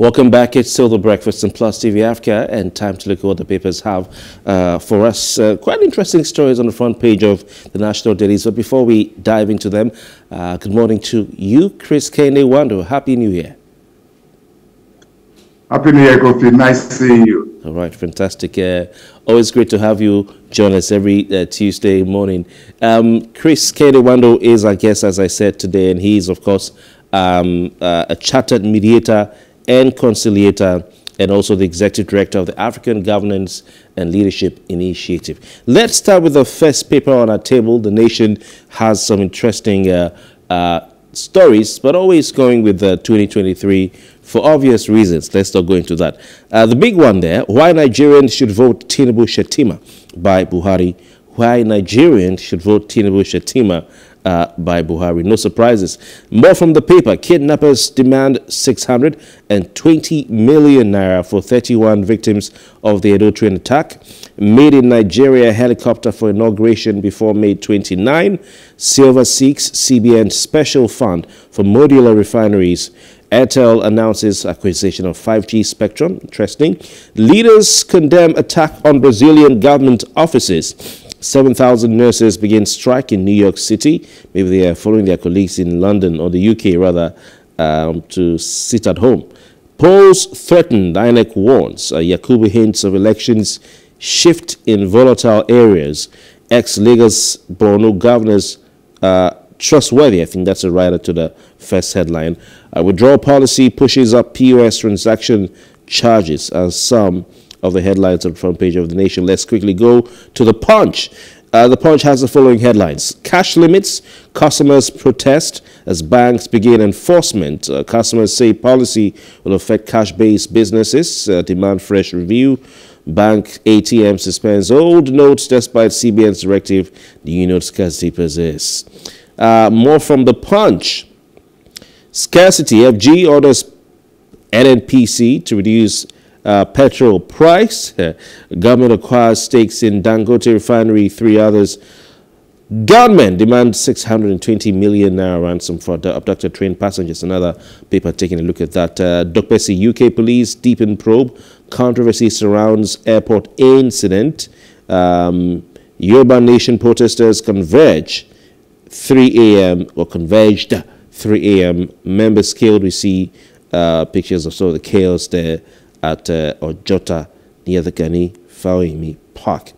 Welcome back. It's still the breakfast and plus TV Africa and time to look at what the papers have uh, for us. Uh, quite interesting stories on the front page of the National Dailies. But before we dive into them, uh, good morning to you, Chris Kane Wando. Happy New Year. Happy New Year, Kofi. Nice seeing you. All right, fantastic. Uh, always great to have you join us every uh, Tuesday morning. Um, Chris Kane Wando is our guest, as I said today, and he is, of course, um, uh, a chartered mediator and conciliator and also the executive director of the African Governance and Leadership Initiative. Let's start with the first paper on our table. The Nation has some interesting uh, uh, stories, but always going with the 2023 for obvious reasons. Let's not go into that. Uh, the big one there, why Nigerians should vote Tinubu Shatima by Buhari. Why Nigerians should vote Tinubu Shatima uh, by Buhari. No surprises. More from the paper. Kidnappers demand 620 million naira for 31 victims of the Edo train attack. Made in Nigeria helicopter for inauguration before May 29. Silver seeks CBN special fund for modular refineries. Airtel announces acquisition of 5G spectrum. Interesting. Leaders condemn attack on Brazilian government offices. 7,000 nurses begin strike in New York City. Maybe they are following their colleagues in London or the UK rather um, to sit at home. Polls threatened, INEC warns. Uh, Yakubu hints of elections shift in volatile areas. Ex-Lagos Borno governors uh, trustworthy. I think that's a writer to the first headline. Uh, withdrawal policy pushes up POS transaction charges as some of the headlines on the front page of the nation. Let's quickly go to the punch. Uh, the Punch has the following headlines. Cash limits, customers protest as banks begin enforcement. Uh, customers say policy will affect cash-based businesses, uh, demand fresh review. Bank ATM suspends old notes despite CBN's directive. The new scarcity persists. Uh, more from the Punch. Scarcity. FG orders NNPC to reduce uh, petrol price. Uh, government acquires stakes in Dangote refinery, three others. Gunmen demand 620 million naira ransom for abducted train passengers. Another paper taking a look at that. Uh, UK police deepen probe. Controversy surrounds airport incident. Um, Yoruba Nation protesters converge 3 a.m. or converged 3 a.m. Members killed. We see uh, pictures of some of the chaos there at uh, Ojota near the Gani Faoimi Park.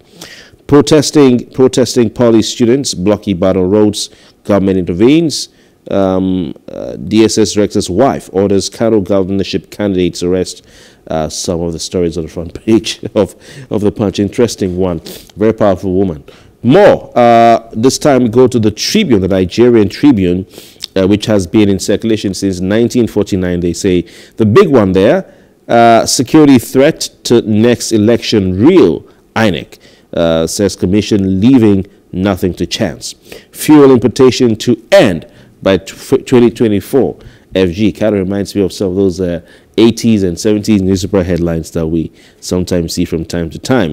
Protesting, protesting poly students blocky battle roads, government intervenes. Um, uh, DSS director's wife orders cattle governorship candidates arrest. Uh, some of the stories on the front page of, of the Punch. Interesting one. Very powerful woman. More. Uh, this time we go to the Tribune, the Nigerian Tribune, uh, which has been in circulation since 1949, they say. The big one there uh, security threat to next election real, INEC, uh, says commission leaving nothing to chance. Fuel importation to end by 2024. FG kind of reminds me of some of those uh, 80s and 70s newspaper headlines that we sometimes see from time to time.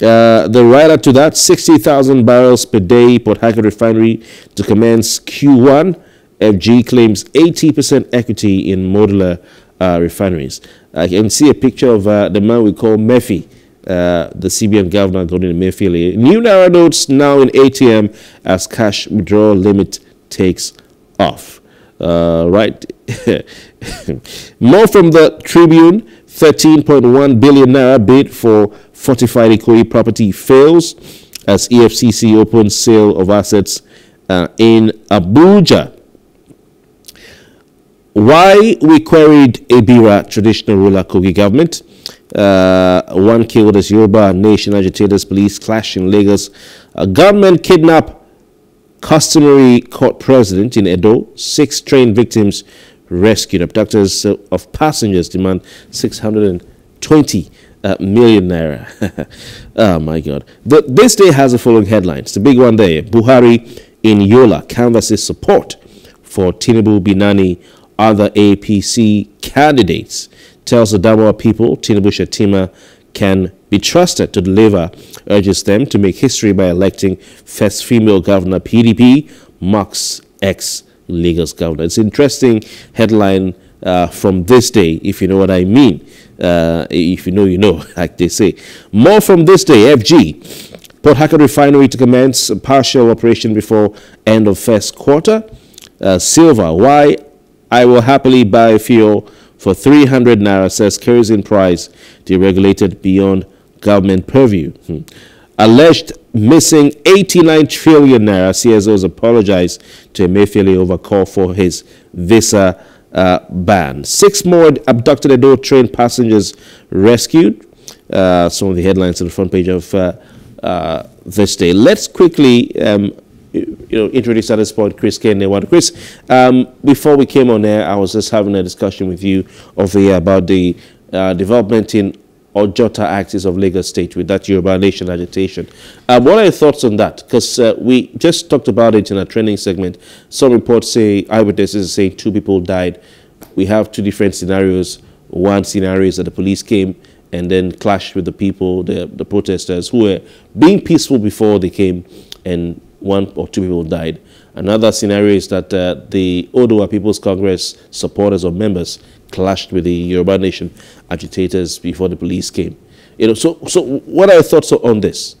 Uh, the rider to that 60,000 barrels per day Port Hackett refinery to commence Q1. FG claims 80% equity in modular uh, refineries. I uh, can see a picture of uh, the man we call Murphy, uh, the CBN governor, Gordon Mayfield. New naira notes now in ATM as cash withdrawal limit takes off. Uh, right? More from the Tribune 13.1 billion naira bid for fortified Ikoyi property fails as EFCC opens sale of assets uh, in Abuja. Why we queried Ibira traditional ruler Kogi government. Uh, one killed as Yoruba nation agitators, police clash in Lagos. A gunman kidnapped customary court president in Edo. Six train victims rescued. Abductors uh, of passengers demand 620 uh, million naira. oh my God. But this day has the following headlines. The big one there Buhari in Yola canvasses support for Tinubu Binani other APC candidates, tells the Dawa people Tinubu Shatima can be trusted to deliver, urges them to make history by electing first female governor PDP, Max X Lagos governor. It's interesting headline uh, from this day, if you know what I mean. Uh, if you know, you know, like they say. More from this day, FG. Port Hacker refinery to commence partial operation before end of first quarter. Uh, silver, why I will happily buy fuel for 300 naira, says kerosene price deregulated beyond government purview. Hmm. Alleged missing 89 trillion naira, CSOs apologized to Emefiele over call for his visa uh, ban. Six more abducted adult train passengers rescued. Uh, some of the headlines on the front page of uh, uh, this day. Let's quickly um, you know, introduce at this point, Chris What, Chris, um, before we came on air, I was just having a discussion with you over here about the uh, development in Ojota axis of Lagos State with that Yoruba Nation agitation. Um, what are your thoughts on that? Because uh, we just talked about it in a training segment. Some reports say eyewitnesses say two people died. We have two different scenarios. One scenario is that the police came and then clashed with the people, the, the protesters who were being peaceful before they came and one or two people died. Another scenario is that uh, the Odoa People's Congress supporters or members clashed with the Yoruba Nation agitators before the police came. You know, so, so what are your thoughts on this?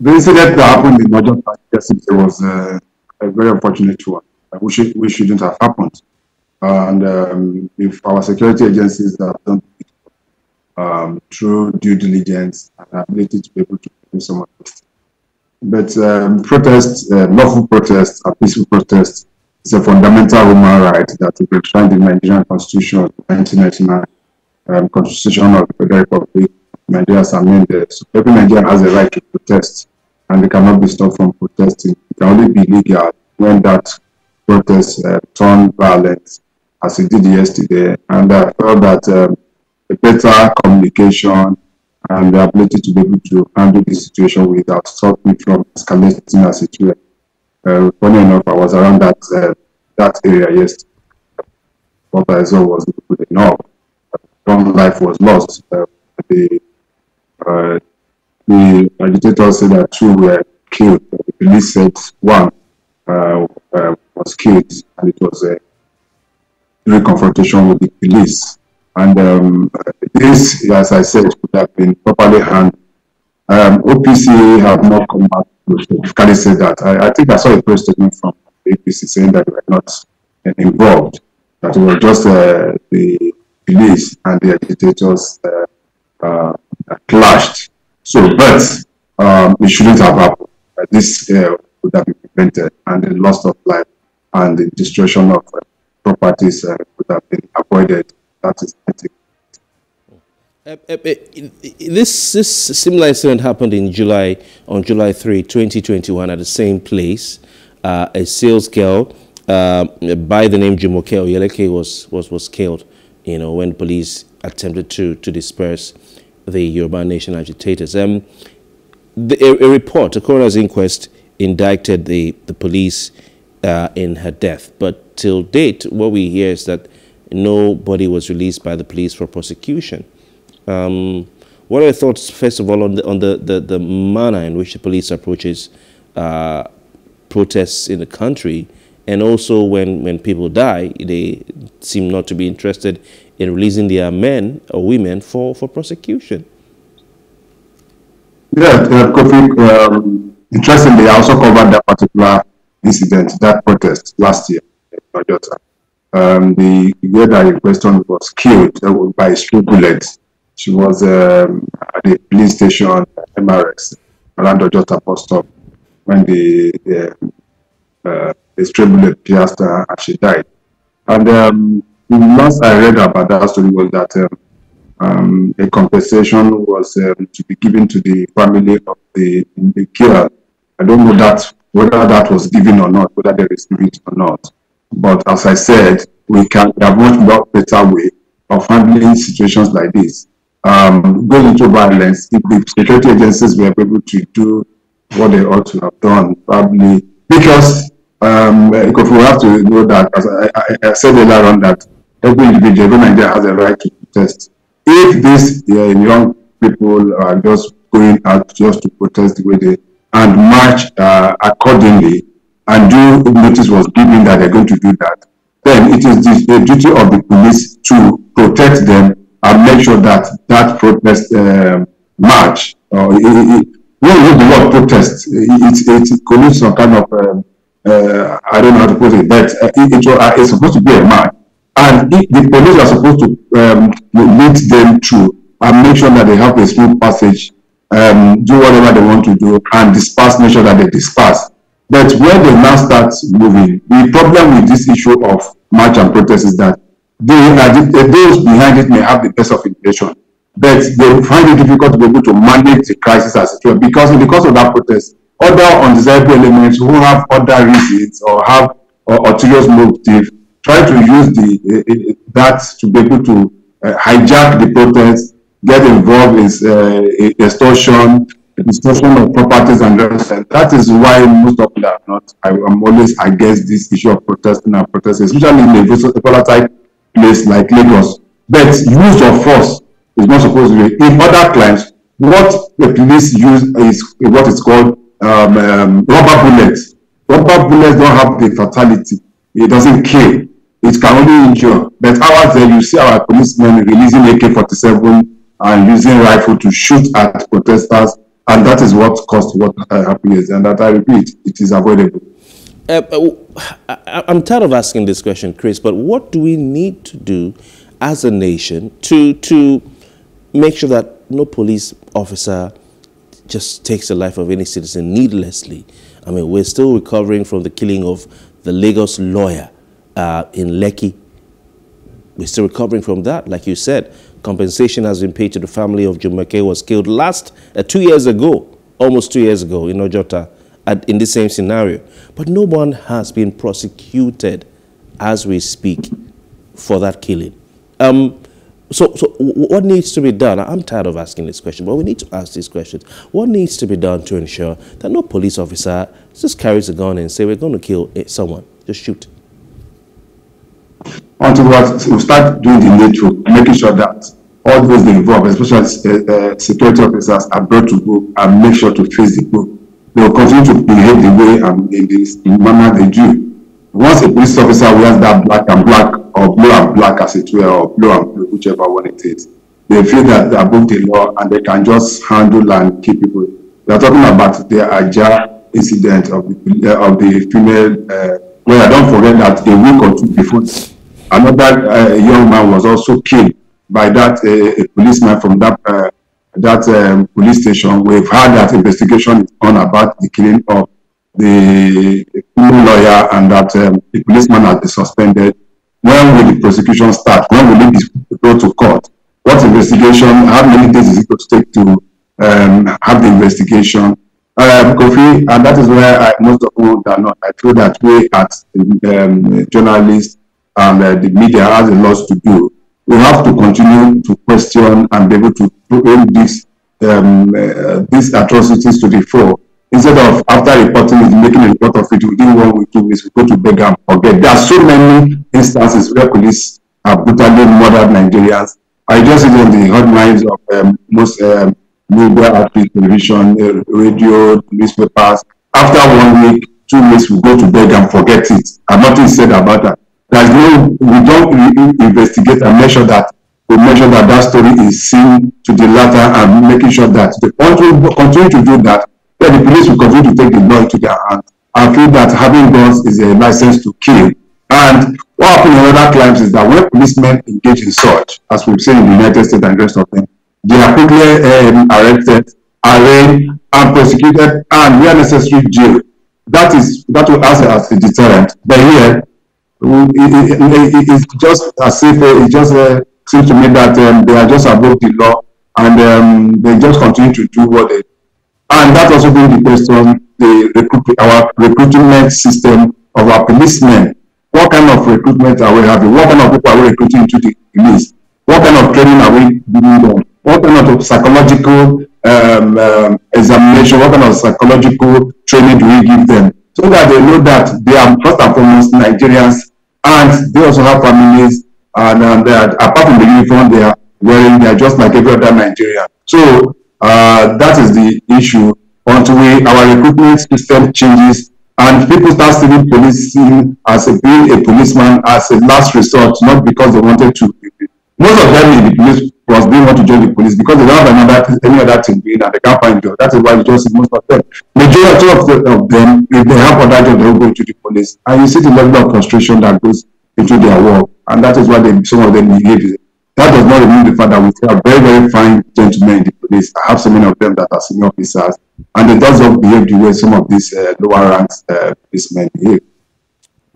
The incident that happened in Ojo yesterday was uh, a very unfortunate one, uh, which, should, which shouldn't have happened. And um, if our security agencies have done um, through due diligence and ability to be able to do some of these but um, protests, uh, lawful protests, a peaceful protests, is a fundamental human right that is enshrined in the Nigerian Constitution, 1999 um, Constitution of the Republic of Nigeria amended. So every Nigerian has a right to protest, and they cannot be stopped from protesting. It can only be legal when that protest uh, turned violent, as it did yesterday. And I felt that um, better communication and the ability to be able to handle the situation without stopping me from escalating a situation. Uh, funny enough, I was around that uh, that area yesterday. What I saw was not good enough. One life was lost. Uh, the uh, the agitator said that two were killed. The police said one uh, uh, was killed, and it was a reconfrontation with the police. And um, this, as I said, could have been properly handled. Um, OPC have not come back to specifically say that. I, I, think I saw a press statement from APC saying that they were not uh, involved, that it was just uh, the police and the agitators uh, uh clashed. So, but um, it shouldn't have happened. Uh, this could uh, have been prevented, and the loss of life and the destruction of properties could have been avoided that is Uh, uh, uh this this similar incident happened in July on July 3, 2021, at the same place. Uh, a sales girl um, by the name Jimoke Oyeleke was, was was killed. You know when police attempted to to disperse the Yoruba Nation agitators. Um, the, a, a, report, a coroner's inquest, indicted the the police uh, in her death. But till date, what we hear is that nobody was released by the police for prosecution. Um, what are your thoughts, first of all, on the, on the, the, the manner in which the police approaches uh, protests in the country? And also, when, when people die, they seem not to be interested in releasing their men or women for, for prosecution. Yeah, uh, Kofi, um, interestingly, I also covered that particular incident, that protest last year um, the girl in question was killed uh, by a stray bullet. She was um, at the police station, MRS, around the a post stop, when the, the, uh, the stray bullet pierced her and she died. And um, the last I read about that story was that um, um a compensation was um, to be given to the family of the, the girl. I don't know that whether that was given or not, whether they received it or not. But as I said, we can have much better way of handling situations like this. Um, going into violence, if the security agencies were able to do what they ought to have done, probably because um, we have to know that, as I, I, said earlier on, that every individual, every Nigeria has a right to protest. If these uh, young people are just going out just to protest the way they and march uh, accordingly, and due notice was given that they're going to do that, then it is the, the duty of the police to protect them and make sure that that protest uh, march, or uh, it, it, the word protest, it, it, it some kind of, um, uh, I don't know how to put it, but uh, it, it, uh, it's supposed to be a march. And it, the police are supposed to um, lead them through and make sure that they have a smooth passage, um, do whatever they want to do, and disperse, make sure that they disperse. But where they now start moving, the problem with this issue of march and protest is that they, uh, those behind it may have the best of intention, but they find it difficult to be able to manage the crisis as it were because because of that protest, other undesirable elements who have other reasons or have or ulterior motive try to use the uh, that to be able to uh, hijack the protest, get involved in uh, extortion, Discussion of properties and residence. That is why most of them are not. I am always against this issue of protesting and protesting, especially in a volatile place like Lagos. But use of force is not supposed to be. In other crimes, what the police use is what is called um, um, rubber bullets. Rubber bullets don't have the fatality. It doesn't kill. It can only injure. But ours, there you see our policemen releasing AK-47 and using rifle to shoot at protesters And that is what caused what uh, happened and that I repeat, it is avoidable. Uh, uh I, I'm tired of asking this question, Chris, but what do we need to do as a nation to, to make sure that no police officer just takes the life of any citizen needlessly? I mean, we're still recovering from the killing of the Lagos lawyer uh, in Lekki. We're still recovering from that, like you said. Compensation has been paid to the family of Jumake who was killed last, uh, two years ago, almost two years ago in Ojota, at, in the same scenario. But no one has been prosecuted as we speak for that killing. Um, so, so what needs to be done? I'm tired of asking this question, but we need to ask these questions. What needs to be done to ensure that no police officer just carries a gun and say, we're going to kill eh, someone, just shoot? until we start doing the needful and making sure that all those involved, especially uh, uh, security officers, are brought to book and make sure to face the book. They will continue to behave the way and in the, manner they do. Once a police officer wears that black and black or blue and black as it were or blue and blue, whichever one it is, they feel that they are above the law and they can just handle and keep people. They are talking about the Aja incident of the, uh, of the female. Uh, well, I don't forget that a week or two before Another uh, young man was also killed by that uh, policeman from that uh, that um, police station. We've had that investigation on about the killing of the lawyer and that um, the policeman has been suspended. When will the prosecution start? When will it go to court? What investigation? How many days is it going to take to um, have the investigation? Um, Kofi, and that is where I, most of all, not. I feel that we as um, journalists and uh, the media has a lot to do. We have to continue to question and be able to bring these, um, uh, these atrocities to the fore. Instead of after reporting it, making a report of it within one week, two weeks, we go to beg and forget. There are so many instances where police have brutally murdered Nigerians. I just read the headlines of um, most um, media outlets, television, uh, radio, newspapers. After one week, two weeks, we go to beg and forget it. And nothing said about that. There's no, we don't investigate and make sure that we make sure that that story is seen to the latter and making sure that the country continue to do that, then the police will continue to take the law into their hands. and feel that having guns is a license to kill. And what happens in other crimes is that when policemen engage in such, as we've seen in the United States and rest of them, they are quickly um, arrested, arraigned, and prosecuted, and where necessary, jailed. That is that will act as a deterrent. But here, it, it's just as if uh, it just uh, seems to me that um, they are just above the law and um, they just continue to do what they And that also brings the question the recruit, our recruitment system of our policemen. What kind of recruitment are we having? What kind of people are we recruiting into the police? What kind of training are we doing on? What kind of psychological um, um, examination? What kind of psychological training do we give them? So that they know that they are first and foremost Nigerians And they also have families, and um, are, apart from the uniform they are wearing, they are just like every other Nigerian. So uh, that is the issue until we, our recruitment system changes and people start seeing policing as a, being a policeman as a last resort, not because they wanted to most of them in the police plus they want to join the police because they don't have another any other thing doing and they can't find job. That is why you just see most of them. Majority of, the, of them, if they have other job, they will go into the police. And you see the level of frustration that goes into their work. And that is why they, some of them behave. That does not mean the fact that we have very, very fine gentlemen in the police. I have so many of them that are senior officers, and they does not behave the way some of these uh, lower ranks uh, policemen behave.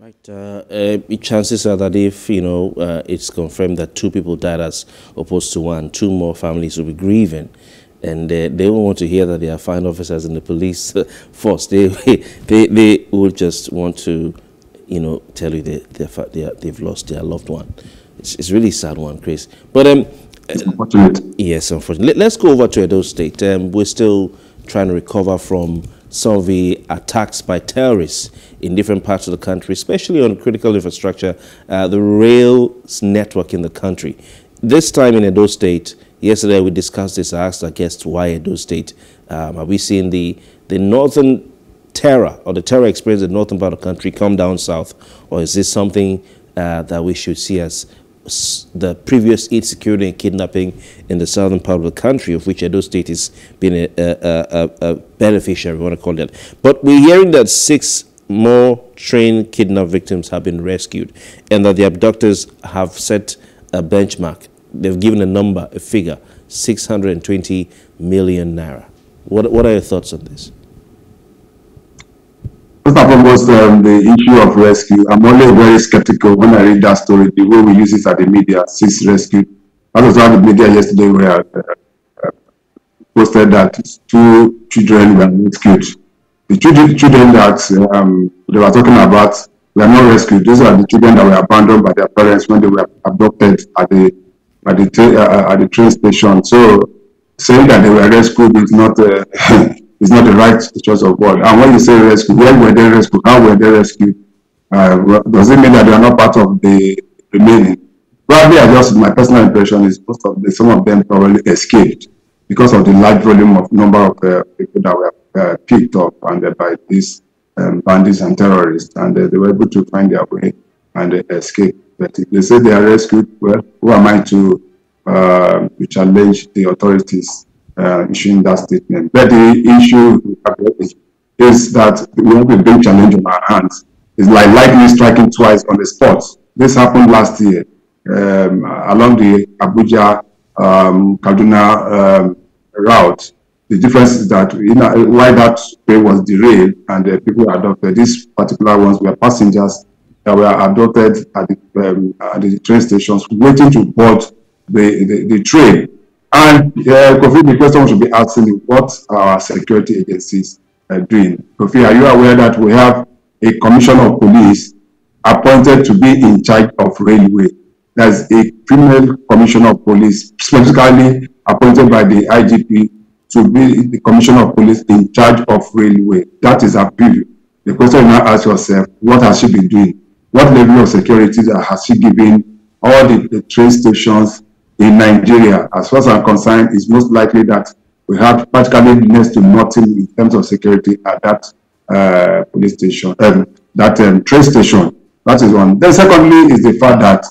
Right. Uh, uh, chances are that if, you know, uh, it's confirmed that two people died as opposed to one, two more families will be grieving. And uh, they will not want to hear that they are fine officers in the police force. They, they, they will just want to, you know, tell you they, they, they are, they've lost their loved one. It's, it's really sad one, Chris. But, um, unfortunate. yes, unfortunately. Let's go over to Edo State. Um, we're still trying to recover from so the attacks by terrorists in different parts of the country, especially on critical infrastructure, uh, the rail network in the country. This time in Edo State, yesterday we discussed this. I asked our guests why Edo State. Um, are we seeing the, the northern terror or the terror experience in the northern part of the country come down south? Or is this something uh, that we should see as the previous insecurity security and kidnapping in the southern part of the country, of which Edo State has been a, a, a, a beneficiary, we want to call that. But we're hearing that six more trained kidnapped victims have been rescued and that the abductors have set a benchmark. They've given a number, a figure, 620 million naira. What, what are your thoughts on this? First and foremost, um, the issue of rescue. I'm only very skeptical when I read that story, the way we use it at the media, since rescue. I was on the media yesterday where I uh, uh, posted that two children were rescued. The children, children that um, they were talking about were not rescued. These are the children that were abandoned by their parents when they were adopted at the at the, uh, uh, at the train station. So saying that they were rescued is not uh, is not the right choice of word. And when you say rescue, when were they rescued? How were they rescued? Uh, does it mean that they are not part of the remaining? Probably, I just my personal impression is most of the, some of them probably escaped because of the large volume of number of uh, people that were uh, picked up and uh, by these um, bandits and terrorists, and uh, they were able to find their way and uh, escape. But if they say they are rescued, well, who am I to, uh, to challenge the authorities uh, issuing that statement. But the issue is that we have a big challenge on our hands. It's like lightning striking twice on the spot. This happened last year um, along the Abuja um, Kaduna um, route. The difference is that you know, why that train was derailed and uh, people adopted. These particular ones were passengers that were adopted at the, um, at the train stations waiting to board the, the, the train and uh, Kofi, the question should be asking what our security agencies are doing. Kofi, are you aware that we have a commissioner of police appointed to be in charge of railway? That's a female commissioner of police, specifically appointed by the IGP to be the commissioner of police in charge of railway. That is a preview. The question now ask yourself, what has she been doing? What level of security has she given all the, the train stations in Nigeria, as far as I'm concerned, it's most likely that we have practically next to nothing in terms of security at that uh, police station, um, that um, train station. That is one. Then secondly is the fact that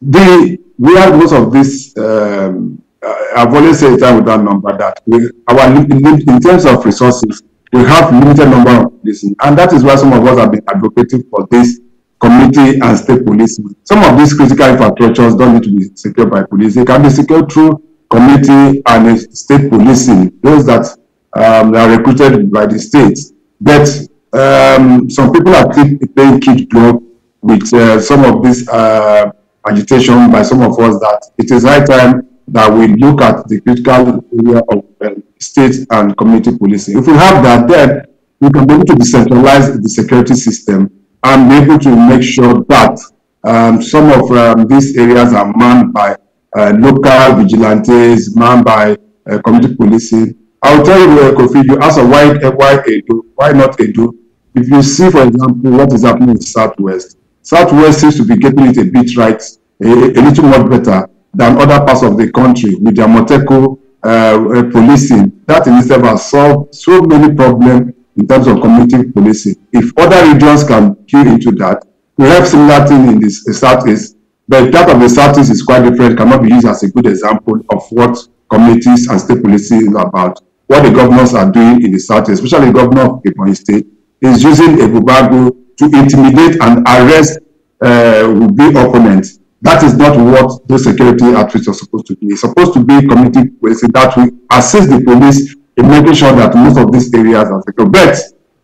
the we have most of this. Um, uh, I've always said that with that number that we, our in terms of resources, we have limited number of policing, and that is why some of us have been advocating for this community and state policing. Some of these critical infrastructures don't need to be secured by police. They can be secured through community and uh, state policing, those that um, are recruited by the state. But um, some people are playing kid club with uh, some of this uh, agitation by some of us that it is high time that we look at the critical area of uh, state and community policing. If we have that, then we can be able to decentralize the security system I'm able to make sure that um, some of um, these areas are manned by uh, local vigilantes, manned by uh, community policing. I'll tell you, uh, Kofi, you ask a uh, why, uh, why Edo, why not Edo? If you see, for example, what is happening in Southwest, Southwest seems to be getting it a bit right, a, a little more better than other parts of the country with their Moteco uh, policing. That in itself has solved so many problems in terms of community policing. If other regions can cue into that, we have similar thing in this Southeast, but that of the Southeast is quite different, cannot be used as a good example of what communities and state policing is about. What the governors are doing in the Southeast, especially the governor of Ebony State, is using a bubago to intimidate and arrest uh, would be opponents. That is not what those security outfits are supposed to be. It's supposed to be community policing that will assist the police in making sure that most of these areas are secure. But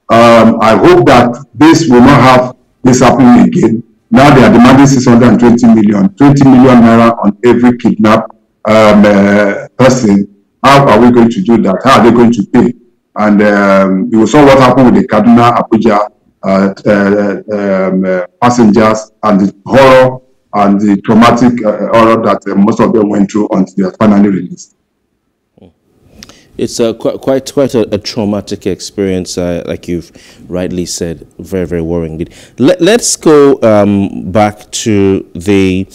um, I hope that this will not have this happening again. Now they are demanding 620 million, 20 million naira on every kidnapped um, uh, person. How are we going to do that? How are they going to pay? And um, you saw what happened with the Kaduna Abuja uh, uh, um, uh, passengers and the horror and the traumatic uh, horror that uh, most of them went through until they were finally released it's a quite quite, quite a, a traumatic experience, uh, like you've rightly said, very very worrying. Let, let's go um, back to the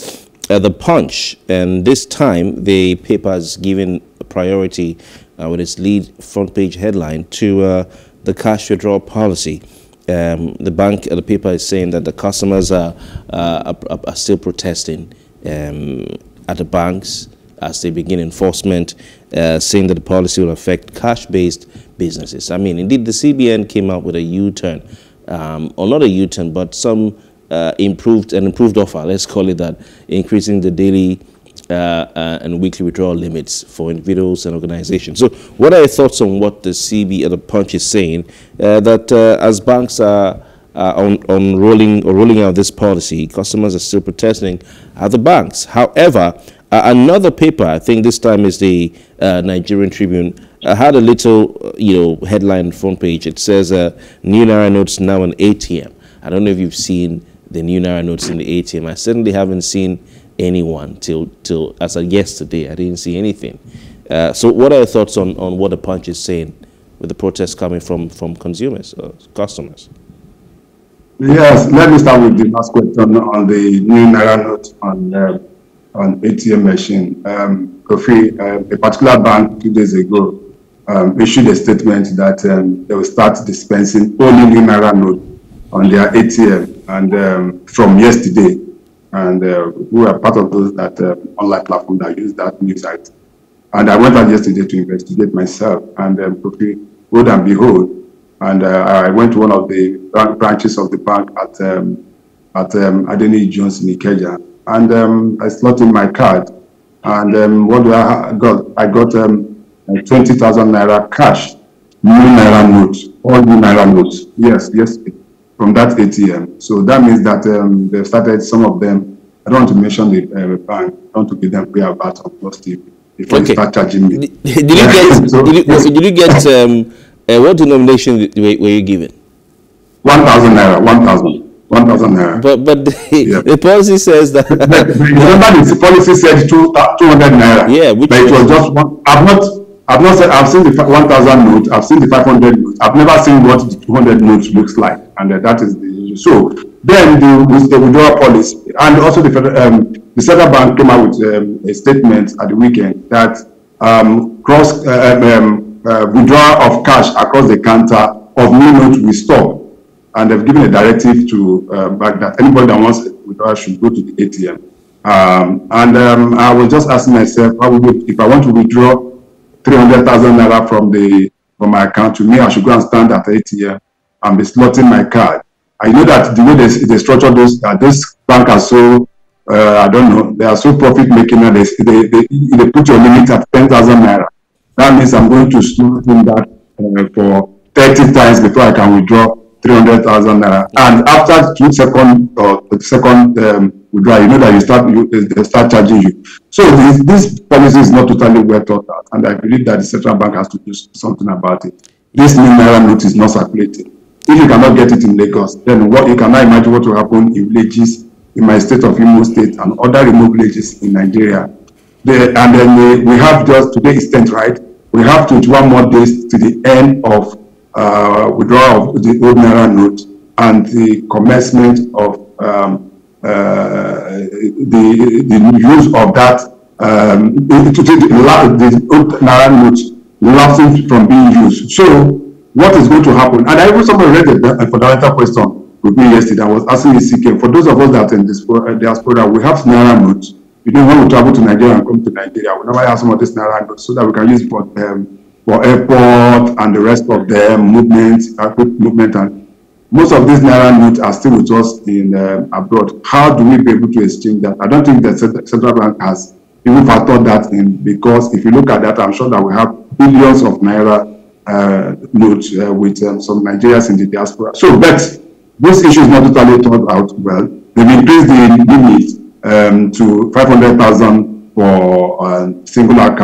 uh, the punch, and this time the paper has given priority uh, with its lead front page headline to uh, the cash withdrawal policy. Um, the bank, uh, the paper is saying that the customers are uh, are, are, still protesting um, at the banks as they begin enforcement, uh, saying that the policy will affect cash-based businesses. I mean, indeed, the CBN came out with a U-turn, um, or not a U-turn, but some uh, improved an improved offer, let's call it that, increasing the daily uh, uh and weekly withdrawal limits for individuals and organizations. So what are your thoughts on what the CB, uh, the punch is saying, uh, that as banks are uh, on, on rolling or rolling out this policy, customers are still protesting at the banks. However, uh, another paper, I think this time is the uh, Nigerian Tribune, uh, had a little, uh, you know, headline front page. It says, uh, "New Naira notes now an ATM." I don't know if you've seen the new Naira notes in the ATM. I certainly haven't seen anyone till till as of yesterday. I didn't see anything. Uh, so, what are your thoughts on on what the punch is saying with the protests coming from from consumers or customers? Yes, let me start with the last question on the new Naira notes on an ATM machine. Um, Kofi, um, a particular bank two days ago um, issued a statement that um, they will start dispensing only Naira note on their ATM and um, from yesterday. And uh, we are part of those that uh, online platform that use that new site. And I went out yesterday to investigate myself. And um, Kofi, lo and behold, and uh, I went to one of the branches of the bank at um, at um, Adeni Jones in Ikeja, and um, I slot in my card. And um, what do I got? I got um, 20,000 naira cash, new naira notes, all new naira notes. Yes, yes, from that ATM. So that means that um, they've started some of them. I don't want to mention the uh, bank. I don't want to give them pay about on positive before okay. they start charging me. Did, did you get, so, did, you, did you get um, uh, what denomination were, were you given? 1,000 naira, 1,000 one thousand naira. But but the, yeah. the policy says that. but, remember, the policy said two uh, two hundred naira. Yeah, which but it was just one. I've not. I've not said I've seen the 1,000 note, I've seen the 500 note, I've never seen what the 200 note looks like, and uh, that is the issue. So then the, the withdrawal policy, and also the um, the central bank came out with um, a statement at the weekend that um, cross uh, um, um, uh, withdrawal of cash across the counter of new notes will stop and they've given a directive to back um, that anybody that wants with should go to the ATM. Um, and um, I was just asking myself, if I want to withdraw 300,000 naira from the from my account, to me, I should go and stand at the ATM and be slotting my card. I know that the way they, they structure those, that this bank are so, uh, I don't know, they are so profit making that they, they, they, put your limit at 10,000 naira. That means I'm going to slot in that uh, for 30 times before I can withdraw 300,000 naira. And after two second uh, second um, withdrawal, you know that you start you, they start charging you. So this, this policy is not totally well thought out, and I believe that the central bank has to do something about it. This new naira note is not circulating. If you cannot get it in Lagos, then what you cannot imagine what will happen in villages in my state of Imo State and other remote villages in Nigeria. and then we, we have just today is 10th, right? We have 21 more days to the end of uh, withdrawal of the old Naira note and the commencement of um, uh, the, the use of that, um, the, the, the old Naira note lasting from being used. So what is going to happen? And I even somebody read a fundamental question with me yesterday. I was asking CK, for those of us that in this uh, diaspora, we have Naira notes. You know, when we travel to Nigeria and come to Nigeria, we never have some of this Naira notes so that we can use for um, for airport and the rest of their movement, movement and most of these naira notes are still with us in uh, abroad. How do we be able to exchange that? I don't think the central bank has even factored that in because if you look at that, I'm sure that we have billions of naira uh, notes uh, with um, some Nigerians in the diaspora. So, but this issue is not totally thought out well. They've increased the limit um, to 500,000 for a uh, single a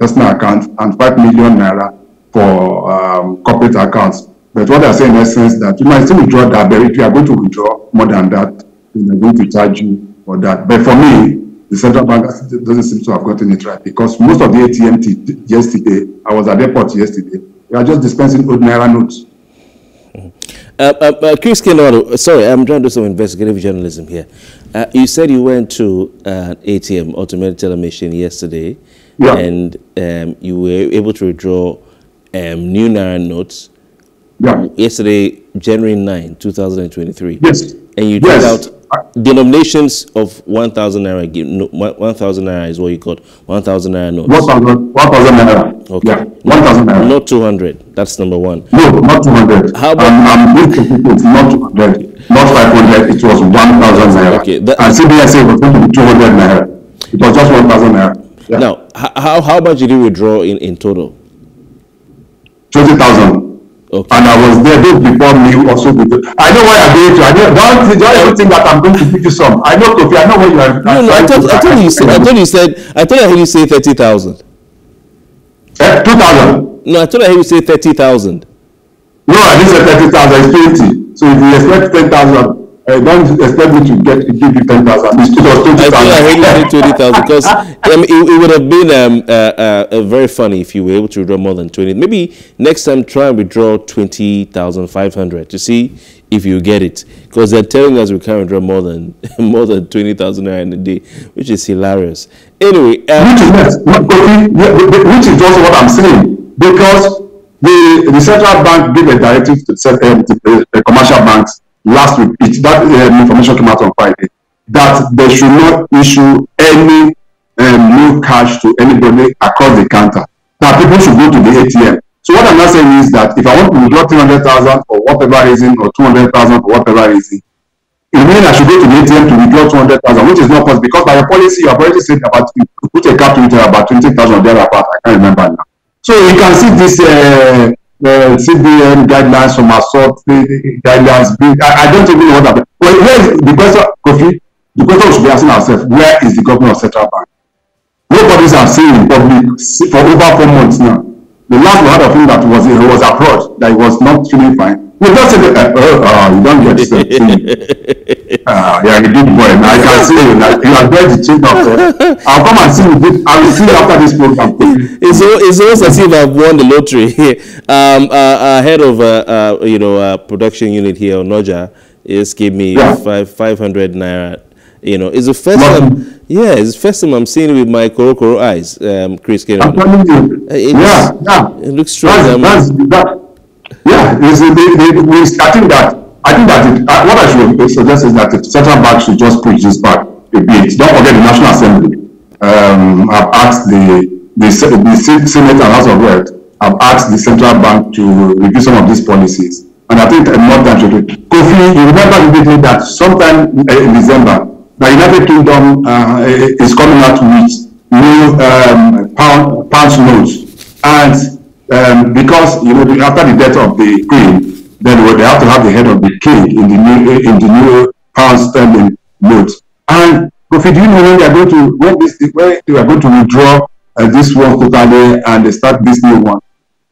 personal account, and 5 million naira for um, corporate accounts. But what they're saying in essence that you might still withdraw that, but if you are going to withdraw more than that, they're going to charge you for that. But for me, the central bank doesn't seem to have gotten it right because most of the ATM yesterday, I was at the airport yesterday, they are just dispensing old naira notes. Mm-hmm. Uh, uh, uh, Chris Kelowado, sorry, I'm trying to do some investigative journalism here. Uh, you said you went to an uh, ATM, automated teller machine, yesterday, yeah. and um, you were able to withdraw um, new naira notes. Yeah. Yesterday, January 9, 2023. Yes. And you yes. took out denominations of 1,000 naira. 1,000 naira is what you got. 1,000 naira notes. 1,000 1, naira. Okay. Yeah, 1,000 naira. Not 200. That's number one. No, not 200. How about? I'm, I'm people, it's not 200. Not 500. It was 1,000 naira. Okay. That, and CBSA was going to be 200 naira. It was just 1,000 naira. Yeah. Now, how, how much did you withdraw in, in total? 20,000. Okay. And I was there both before me also I know why I gave you. I know don't don't everything that I'm going to give you some. I know Kofi. I know what you are. No, no. I told thought, I thought you said. I thought you said. I thought I heard you say thirty thousand. 2,000. No, I told him he would say 30,000. No, I didn't say 30,000. It's 20. So if you expect 10,000, I eh, don't expect me to get give you ten thousand. It's still I think I hate twenty thousand because um, it, it would have been um, uh, uh, very funny if you were able to draw more than twenty. Maybe next time try and withdraw twenty thousand five hundred to see if you get it. Because they're telling us we can't draw more than more than twenty thousand naira in a day, which is hilarious. Anyway, um, which is what, which is also what I'm saying because the the central bank gave a directive to set, um, the, uh, the commercial banks last week. It, that um, information came out on Friday that they should not issue any um, new cash to anybody across the counter. That people should go to the ATM So what I'm not saying is that if I want to withdraw 300,000 for whatever reason or 200,000 for whatever reason, it means I should go to the ATM to withdraw 200,000, which is not possible because by your policy, you have already said about, you put a cap to it about 20,000 apart. I can't remember now. So you can see this uh, uh, CBN guidelines from assault guidelines. I, I don't even know what happened. Well, where is the question, Kofi? The question should be asking ourselves, where is the governor of Central Bank? Nobody's have seen in public for over four months now. The last we heard of him that was he was approached that he was not feeling fine. We just said, uh, uh, uh, you don't get sick. uh, you're a good boy. I can see you. you are going to change uh, I'll come and see you. I will see you after this program. it's, it's almost as if I've won the lottery. um, uh, uh, head of uh, uh, you know uh, production unit here, Noja, just gave me yeah. five five hundred naira. You know, it's the first time yeah, it's the first time I'm seeing it with my Korokoro eyes, um, Chris Kennedy. I'm telling you. Uh, it, yeah, yeah. It looks strong. That's, that's, that. Yeah, it, it, it, I think that, I think that it, uh, what I should suggest is that the central bank should just push this back a bit. Don't forget the National Assembly. Um, I've asked the, the, the Senate and House of Reps, I've asked the central bank to review some of these policies. And I think more uh, than should do. Kofi, you remember you did that sometime in uh, December, The United Kingdom uh, is coming out with new um, pound, pound notes. And um, because, you know, after the death of the queen, then they have to have the head of the king in the new, in the new pound sterling notes. And Kofi, do you know when they are going to, when, this, when they are going to withdraw uh, this one totally and they start this new one?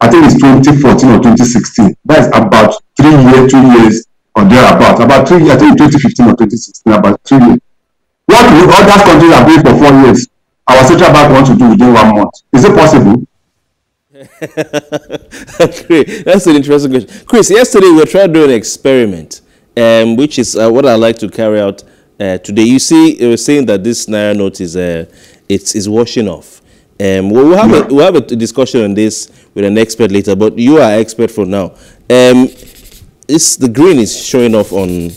I think it's 2014 or 2016. That's about three years, two years or thereabouts. About three years, I think 2015 or 2016, about three years. What the other countries have been for four years, our central bank wants to do within one month. Is it possible? Great. That's an interesting question. Chris, yesterday we were trying to do an experiment, um, which is uh, what I like to carry out uh, today. You see, you were saying that this Naira note is, uh, it's, is washing off. Um, we'll, have yeah. a, we'll have a discussion on this with an expert later, but you are expert for now. Um, it's, the green is showing off on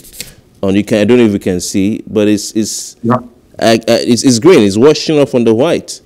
on you can I don't know if you can see, but it's it's yeah. I, I, it's, it's green. It's washing off on the white,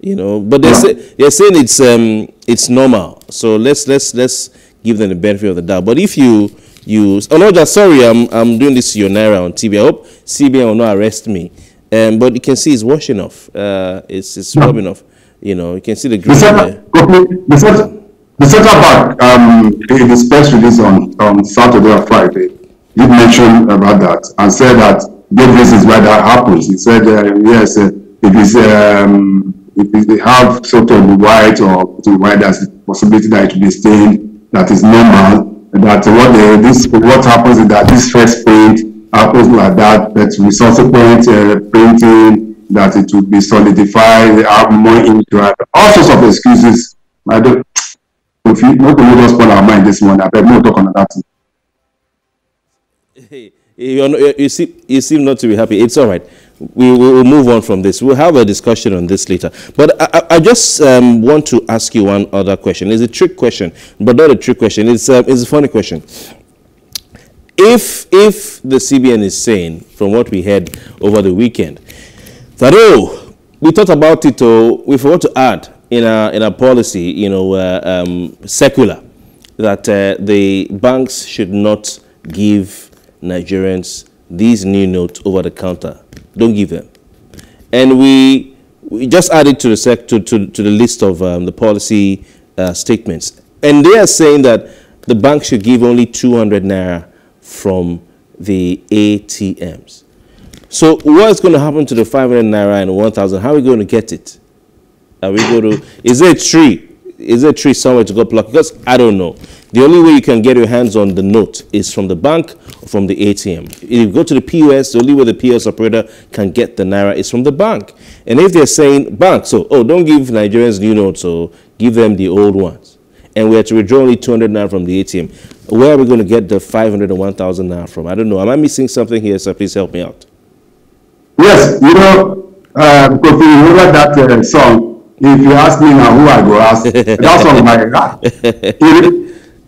you know. But they yeah. say, they're saying it's um it's normal. So let's let's let's give them the benefit of the doubt. But if you you oh no, just sorry, I'm I'm doing this to your naira on TV. I hope CBN will not arrest me. Um, but you can see it's washing off. Uh, it's it's yeah. rubbing off. You know, you can see the green. The central, the centre bank um, did its press release on, on Saturday or Friday did mention about that and said that this reasons why that happens. He said, uh, yes, uh, it is, um, if they have sort of white or white, there's a possibility that it will be stained, that is normal. That what this what happens is that this first paint happens like that, but with subsequent uh, painting, that it would be solidified, they have more interest, all sorts of excuses. I don't, if you, not to let on spoil our mind this one, I better no talk on that you're you, seem, you seem not to be happy. It's all right. We will move on from this. We'll have a discussion on this later. But I, I just um, want to ask you one other question. It's a trick question, but not a trick question. It's a, um, it's a funny question. If, if the CBN is saying, from what we heard over the weekend, that, oh, we thought about it, oh, we forgot to add in our, in our policy, you know, uh, um, secular, that uh, the banks should not give Nigerians these new notes over the counter. Don't give them. And we, we just added to the, sec to, to, to the list of um, the policy uh, statements. And they are saying that the bank should give only 200 naira from the ATMs. So what's going to happen to the 500 naira and 1,000? How are we going to get it? Are we going to, is there a tree? Is there a tree somewhere to go pluck? Because I don't know. The only way you can get your hands on the note is from the bank or from the ATM. If you go to the POS, the only way the POS operator can get the naira is from the bank. And if they're saying bank, so oh, don't give Nigerians new notes, so give them the old ones. And we had to withdraw only 200 naira from the ATM. Where are we going to get the 500 or 1,000 naira from? I don't know. Am I missing something here? So please help me out. Yes, you know, uh, um, because you remember that uh, song. If you ask me now, who I go ask? That's on my. Uh,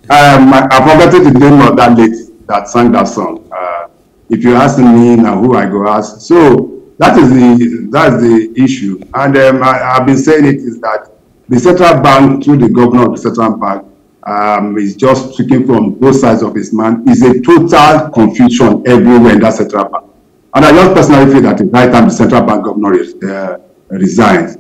um, I forgot the name of that lady that sang that song. Uh, if you ask me now, who I go ask? So that is the that's the issue. And um, I, have been saying it is that the central bank, through the governor of the central bank, um, is just speaking from both sides of his mind. Is a total confusion everywhere in that central bank. And I just personally feel that the right time the central bank governor is, uh, resigns.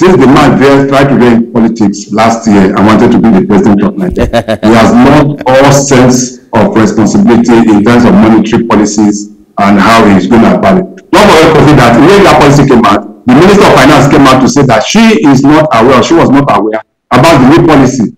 Since the man there tried to get politics last year and wanted to be the president of Nigeria, he has lost all sense of responsibility in terms of monetary policies and how he's going to about it. Don't forget COVID that when that policy came out, the Minister of Finance came out to say that she is not aware, she was not aware about the new policy.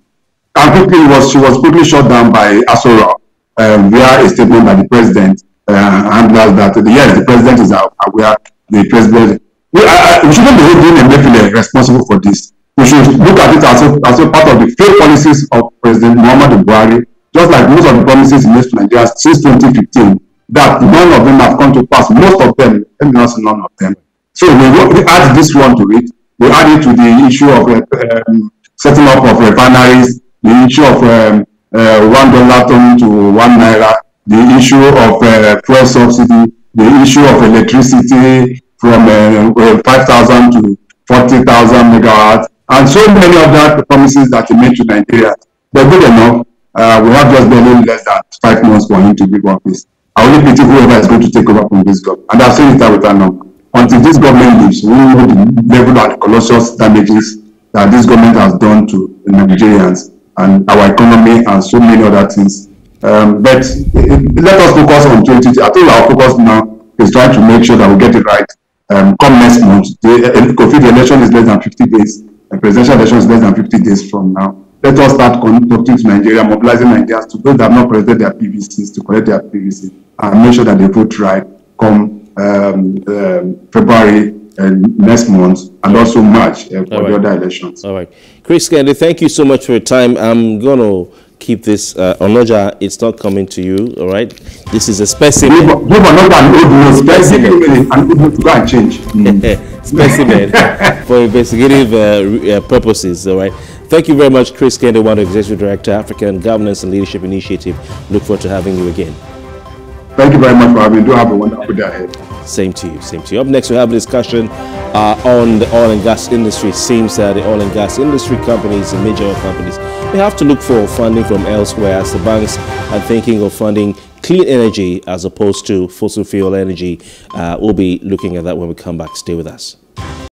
And quickly was she was quickly shut down by Asora um, via a statement by the president uh, handlers that yes, the president is aware, the president we, I, we shouldn't be holding Emefiele responsible for this. We should look at it as a, as a part of the failed policies of President Muhammadu Buhari, just like most of the promises he made to Nigeria since 2015, that none of them have come to pass. Most of them, let me not none of them. So we, we add this one to it. We add it to the issue of um, setting up of refineries, the issue of um, uh, one dollar turning to one naira, the issue of uh, fuel subsidy, the issue of electricity, from uh, uh 5,000 to 40,000 megawatts, and so many of that promises that he made to Nigeria. But good enough, uh, we have just been less than five months for him to give office. I only pity whoever is going to take over from this government. And I've seen it time with now. Until this government leaves, we will know the level of the colossal damages that this government has done to the Nigerians and our economy and so many other things. Um, but uh, let us focus on 2020. I think our focus now is trying to make sure that we get it right um, come next month, the, uh, COVID election is less than 50 days, the presidential election is less than 50 days from now. Let us start talking to Nigeria, mobilizing Nigerians to those that have not collected their PVCs to collect their PVCs and make sure that they vote right come um, um, February uh, next month and also March uh, for the other elections. All right. Chris Kennedy, thank you so much for your time. I'm going to keep this. Uh, Onoja, it's not coming to you, all right? This is a specimen. Give Onoja an old nose, specimen, and to go and change. Mm. specimen for investigative uh, uh, purposes, all right? Thank you very much, Chris Kendewan, Executive Director, African Governance and Leadership Initiative. Look forward to having you again. Thank you very much for having me. Do have a wonderful day ahead. Same to you, same to you. Up next, we have a discussion uh, on the oil and gas industry. It seems that the oil and gas industry companies, the major companies, may have to look for funding from elsewhere as the banks are thinking of funding clean energy as opposed to fossil fuel energy. Uh, we'll be looking at that when we come back. Stay with us.